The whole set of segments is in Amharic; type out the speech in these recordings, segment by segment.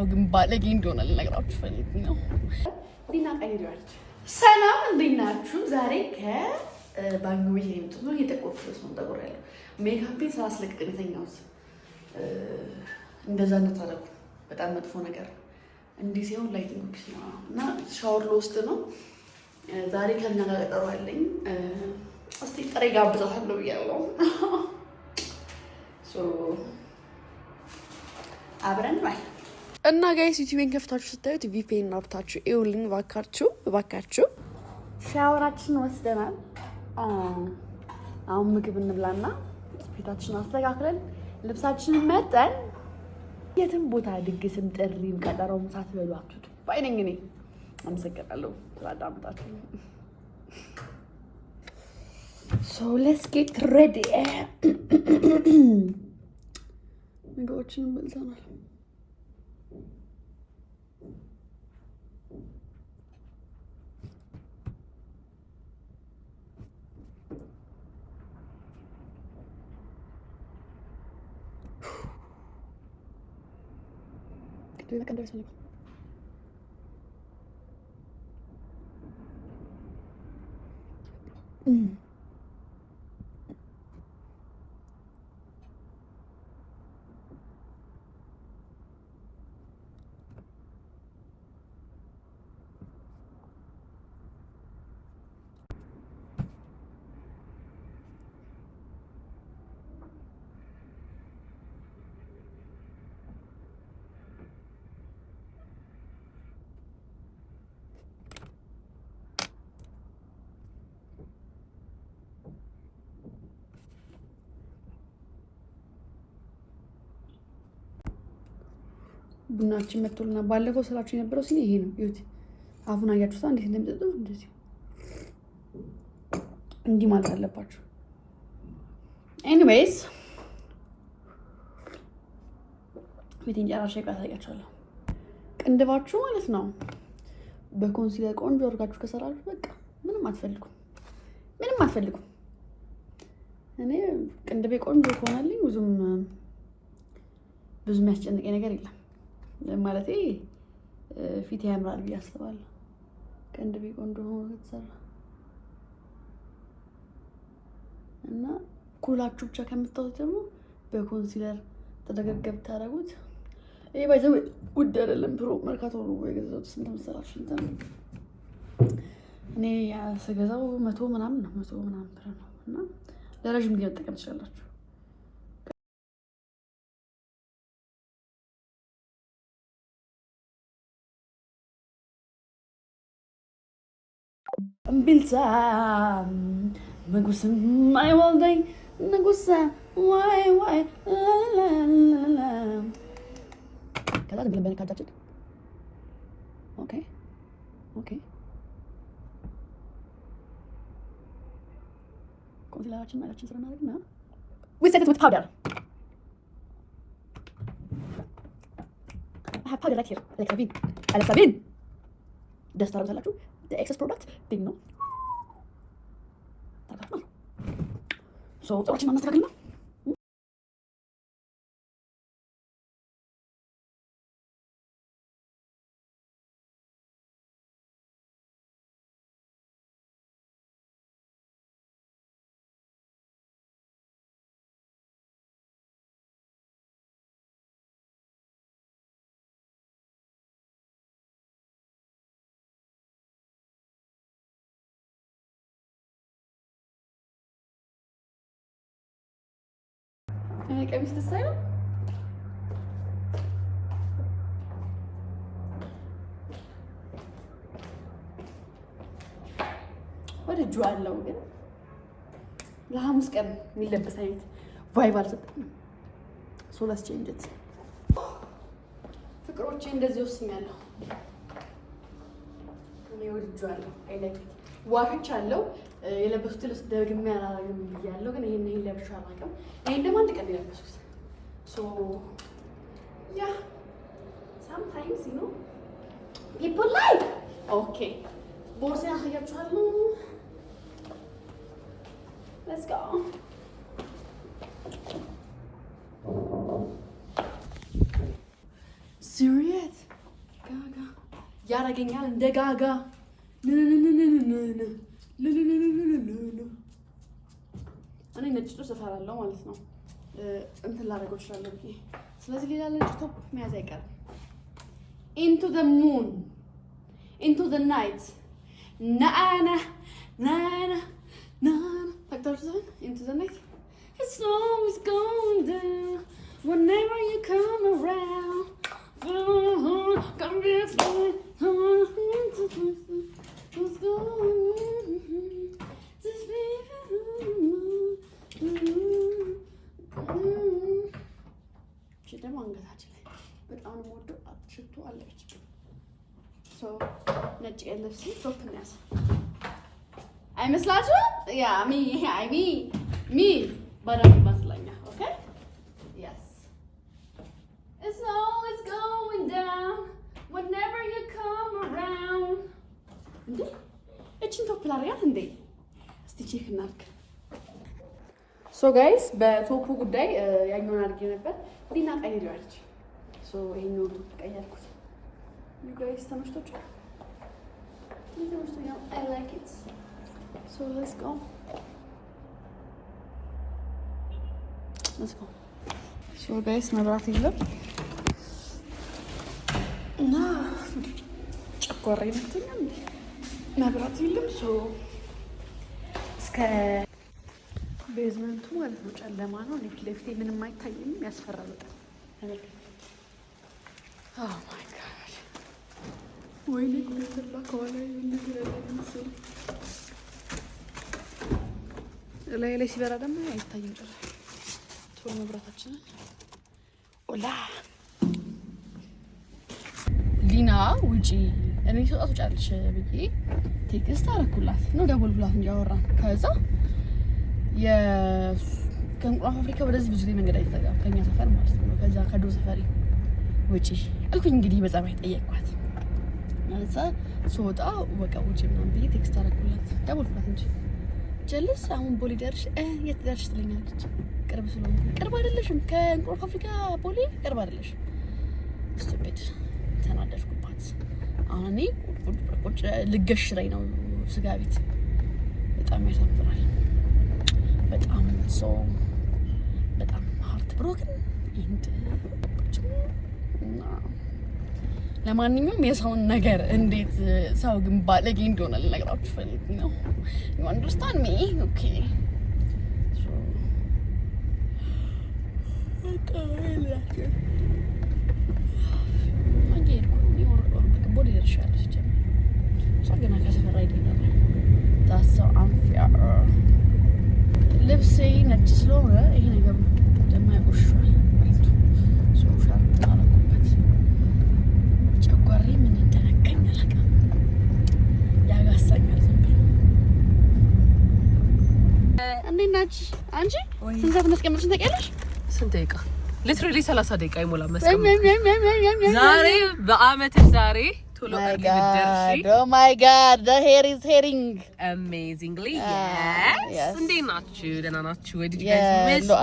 ነው፣ ግን ባለጌ እንደሆነ ልነግራችሁ ፈልግ ነው። ዲና ሰላም እንዴት ናችሁ? ዛሬ ከባኞ ቤት የሚመጡ ነው እየጠቆፍበት ነው ጠጉር ያለው ሜካፔን ስላስለቅቅ የተኛሁት እንደዛ እንደታደረጉ በጣም መጥፎ ነገር እንዲህ ሲሆን ላይቲንግ ኦፊስ ነው እና ሻወር ለውስጥ ነው። ዛሬ ከእኛ ጋር ቀጠሮ አለኝ። እስቲ ጥሬ ጋብዛታለሁ ብያለሁ። አብረን ባይ እና ጋይስ ዩቲቤን ከፍታችሁ ስታዩት ቪፔን ናብታችሁ ኤውልን ባካችሁ ባካችሁ። ሻወራችን ወስደናል። አሁን ምግብ እንብላና ስፒታችን አስተካክለን ልብሳችንን መጠን የትም ቦታ ድግስም ጥሪም ቀጠረውም ሳትበሉ አትውጡ ባይ ነኝ እኔ። አመሰግናለሁ ስላዳመጣችሁ። ሶ ሌትስ ጌት ሬዲ ምግቦችንም በልተናል። lo iba a señor. ቡናችን መጥቶልና ባለፈው ስላችሁ የነበረው ሲኒ ይሄ ነው። ይሁት አፉን አያችሁታ እንዴት እንደሚጠጡ እንደዚህ እንዲህ ማለት አለባችሁ። ኤኒዌይስ ቤቴን ጨራሽ ያሳያችኋለሁ። ቅንድባችሁ ማለት ነው በኮንሲለር ቆንጆ አድርጋችሁ ከሰራችሁ በቃ ምንም አትፈልጉም፣ ምንም አትፈልጉም። እኔ ቅንድቤ ቆንጆ ከሆነልኝ ብዙም ብዙ የሚያስጨንቀኝ ነገር የለም። ማለት ፊት ያምራል ብዬ አስባለሁ። ቅንድቤ ቆንጆ ሆኖ ከተሰራ እና ኩላችሁ ብቻ ከምታወት ደግሞ በኮንሲለር ተደገገ ብታደርጉት ይህ ባይዘ ውድ አይደለም። ፕሮ መርካቶ ነው የገዛሁት። ስንት መሰላችሁ? እንትን እኔ ስገዛው መቶ ምናምን ነው መቶ ምናምን ብር ነው እና ለረዥም ጊዜ መጠቀም ትችላላችሁ። بالساعة نقص ماي والدي نقص واي واي لا لا لا لا كذا تقلب بينك حاجات اوكي اوكي ቆንጆ ላያችን አይላችን ስለማድረግ ና ዊ ሴት ዊት ፓውደር ፓውደር ላይክ ሄር አለክሳቢን አለክሳቢን ደስ ታደርጉታላችሁ the excess product big ነው። ታውቃለህ። ሶ ጥሮችን ማስተካከል ነው። እኔ ቀሚስ ደስ አይልም? ወደ እጁ አለው ግን ለሐሙስ ቀን የሚለበስ አይነት ቫይብ አልሰጠኝም። ሶላስ ቼንጅት ፍቅሮቼ እንደዚህ ወስኛለሁ። እኔ ወድጄዋለሁ። አይ ላይክ ዋሽቻለሁ። የለበሱት ልብስ ደግሜ አላረግም ብያለሁ፣ ግን ይሄን ይሄን ለብሼው አላውቅም። ይሄን ደግሞ አንድ ቀን የለበሱት ሶ ያ ሳምታይምስ ዩ ኖ ፒፕል ላይ ኦኬ። ቦርሴን አሳያችኋለሁ። ሌትስ ጎ ሲሪየስ ጋጋ ያረገኛል እንደ ጋጋ ን እኔ ነጭ ጦር ሰፈር አለው ማለት ነው እንትን ላደርገው እችላለሁ ብዬ ስለዚህ ሌላ ነጭ ቶፕ መያዝ አይቀርም። ኢንቱ ዘ ሙን ኢንቱ ዘ ናይት ናና ናና ናና ታክታችሁ ዘን ኢንቱ ዘ ናይት It's always going down whenever you come around. Come get me. So, let's end the scene. So, I'm a slasher? Yeah, I mean, me. But I'm a slasher. Okay? Yes. It's always going down. Whenever you come. እንዴ እቺን ቶፕ ላድርጋት እንዴ? እስቲ ቼክ እናድርግ። ሶ ጋይስ በቶፑ ጉዳይ ያኛውን አድርጌ ነበር ሊና ቀይሬዋለች። ሶ ይሄን ነው ቀየርኩት። ዩ ጋይስ አይ ላይክ ኢት ሶ ሌትስ ጎ ሌትስ ጎ ሶ ጋይስ መብራት የለም እና መብራት የለም። እስከ ቤዝመንቱ ማለት ነው ጨለማ ነው። እኔ ፊት ለፊቴ ምንም አይታይም። ያስፈራ በጣም ወይኔ ከኋላ ምስል ላይ ላይ ሲበራ ደግሞ አይታይም ቶሎ መብራታችንን ኦላ ሊና ውጪ እኔ ስወጣ ትወጫለሽ ብዬ ቴክስት አደረኩላት ነው ደወልኩላት እንጂ አወራን። ከዛ የ ከእንቁላል ፋብሪካ ወደዚህ ብዙ ጊዜ መንገድ አይዘጋም ከኛ ሰፈር ማለት ነው። ከዛ ከዶ ሰፈሪ ውጪ አልኩኝ እንግዲህ በጸባይ ጠየቅኳት። ከዛ ስወጣ በቃ ውጪ ምናምን ብዬ ቴክስት አደረኩላት ደወልኩላት እንጂ ጀልስ አሁን ቦሌ ደርሽ የት ደርሽ ትለኛለች። ቅርብ ስለሆነ ቅርብ አይደለሽም፣ ከእንቁላል ፋብሪካ ቦሌ ቅርብ አይደለሽም። ስቱፒድ ተናደድኩባት። እኔ ቁጭ ልገሽ ላይ ነው ስጋ ቤት በጣም ያሳፍራል። በጣም ሰው በጣም ሀርት ብሮክን ለማንኛውም የሰውን ነገር እንዴት ሰው ግን ባለጌ እንደሆነ ልነግራችሁ ፈልግ ነው። ዩ አንደርስታንድ ሚ ኦኬ። በቃ ስንት ሰዓት ማስቀመጥሽን ታውቂያለሽ? ስንት ደቂቃ ሊትራሊ 30 ደቂቃ ይሞላ መስቀመጥ። ዛሬ በአመት ዛሬ ቶሎ እርግ ብትደርሺ። ማይ ጋድ ዘ ሄር ኢዝ ሄሪንግ አሜዚንግሊ የስ። እንዴት ናችሁ? ደህና ናችሁ ወይ? ዲድ ሚስ ሚ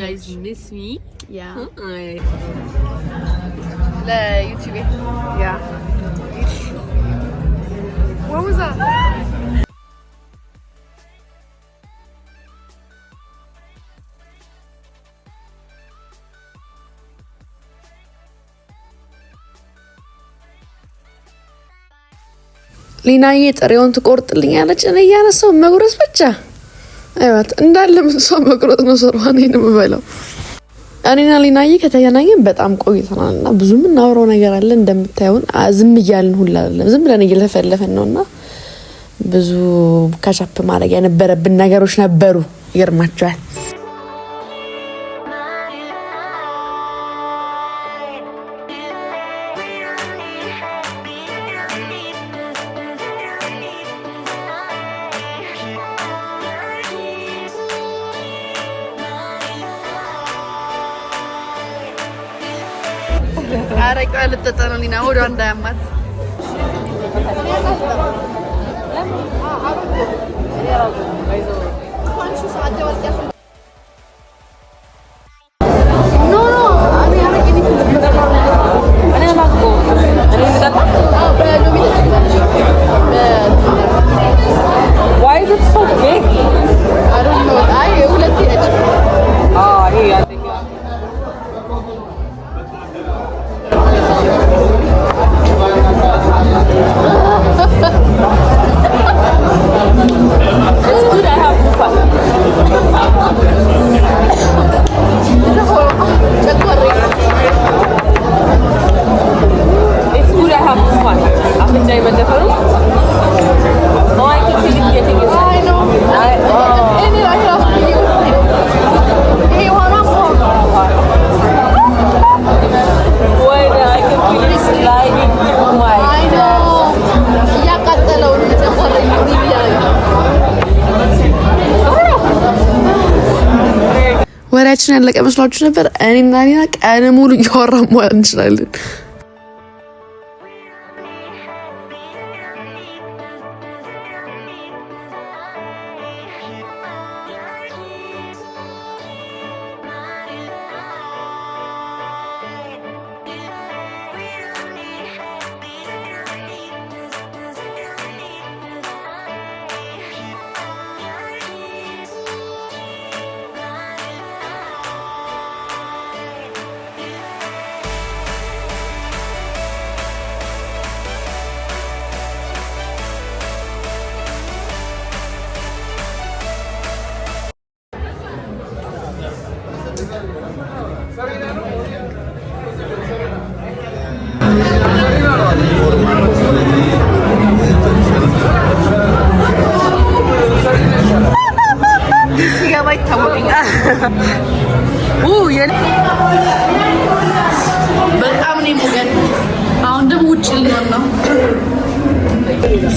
ለዩቲዩብ ሊናዬ ጥሬውን ትቆርጥልኛለች። እኔ እያነሳው መጉረስ ብቻ አይባት እንዳለ ምሷ መቁረጥ ነው ስሯ። እኔን የምበላው እኔና ሊናዬ ከተገናኘን በጣም ቆይተናል እና ብዙ የምናውረው ነገር አለ። እንደምታየውን ዝም እያልን ሁላ አለም ዝም ብለን እየለፈለፈን ነው እና ብዙ ካቻፕ ማድረግ የነበረብን ነገሮች ነበሩ። ይገርማቸዋል። አረቂ ልጠጣ ነው እንዳያማት ጊዜያችን ያለቀ መስሏችሁ ነበር? እኔና ኒና ቀን ሙሉ እያወራን መዋል እንችላለን።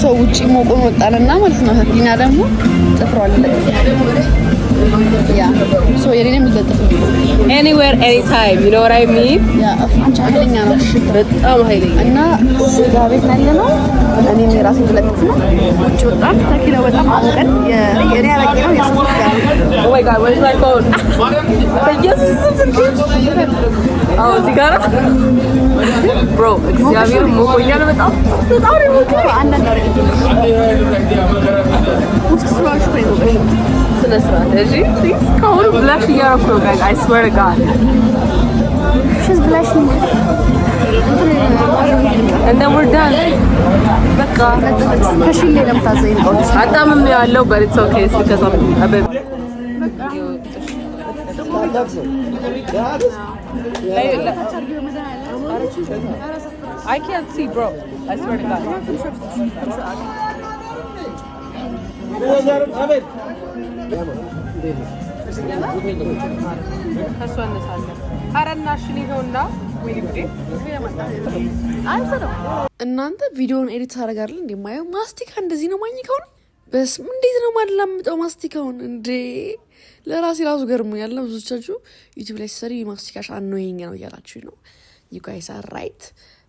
ሰው ውጭ ሞቆን ወጣንና ማለት ነው። ዲና ደግሞ ጥፍሯ አለቀ። Yeah. So you're in the Anywhere, anytime. You know what I mean? Yeah. ነው። በጣም ኃይለኛ እና ስጋ ቤት ነው ያለነው። እኔም የራሴ ሁለት ነው። በጣም ተኪሎ በጣም አንቀን የኔ ያረቂ ነው ያስቆጣ። Oh my god, where is my phone? አዎ፣ እዚህ ጋር ብሮ እግዚአብሔር ሞቆኛል። በጣም በጣም ነው ሞቆኛል። አንዳንድ ነው ውስጥ ስራዎች ነው this one, did you? She's cold blush Europe bag, I swear to God. She's blushing. And then we're done. I ከሽሌ ለምታዘ አጣምም but it's okay it's because I'm a bit I can't see bro I swear to God እናንተ ቪዲዮውን ኤዲት ታደርጋለህ እንዴ? ማየው ማስቲካ እንደዚህ ነው ማኝከውን በስም እንዴት ነው ማላምጠው ማስቲካውን እንዴ ለራሴ ራሱ ገርሙ ያለ ብዙቻችሁ ዩቲብ ላይ ሰሪ ማስቲካሽ አኖይኝ ነው እያላችሁ ነው ዩጋይስ ራይት።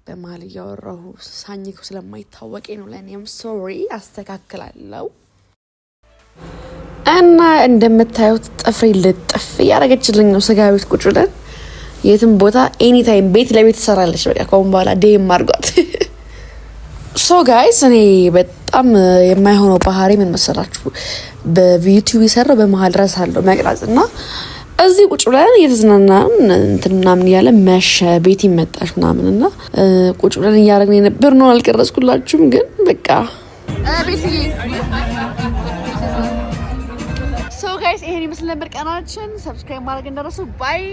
በመሀል እያወራሁ ሳኝኩ ስለማይታወቀኝ ነው ለእኔም ሶሪ አስተካክላለሁ። እና እንደምታዩት ጥፍሬ ልጥፍ እያደረገችልኝ ነው። ስጋ ቤት ቁጭ ብለን የትም ቦታ ኤኒታይም ቤት ለቤት ትሰራለች። በቃ ከሁን በኋላ ዴም አድርጓት። ሶ ጋይስ እኔ በጣም የማይሆነው ባህሪ ምን መሰላችሁ? በዩቲዩብ የሰራው በመሀል ረስ አለው መቅራጽ እና እዚህ ቁጭ ብለን እየተዝናናን እንትን ምናምን እያለ መሸ። ቤት ይመጣሽ ምናምን እና ቁጭ ብለን እያደረግን የነበር ነው። አልቀረጽኩላችሁም ግን በቃ ይመስል ነበር ቀናችን። ሰብስክራይብ ማድረግ እንደረሱ ባይ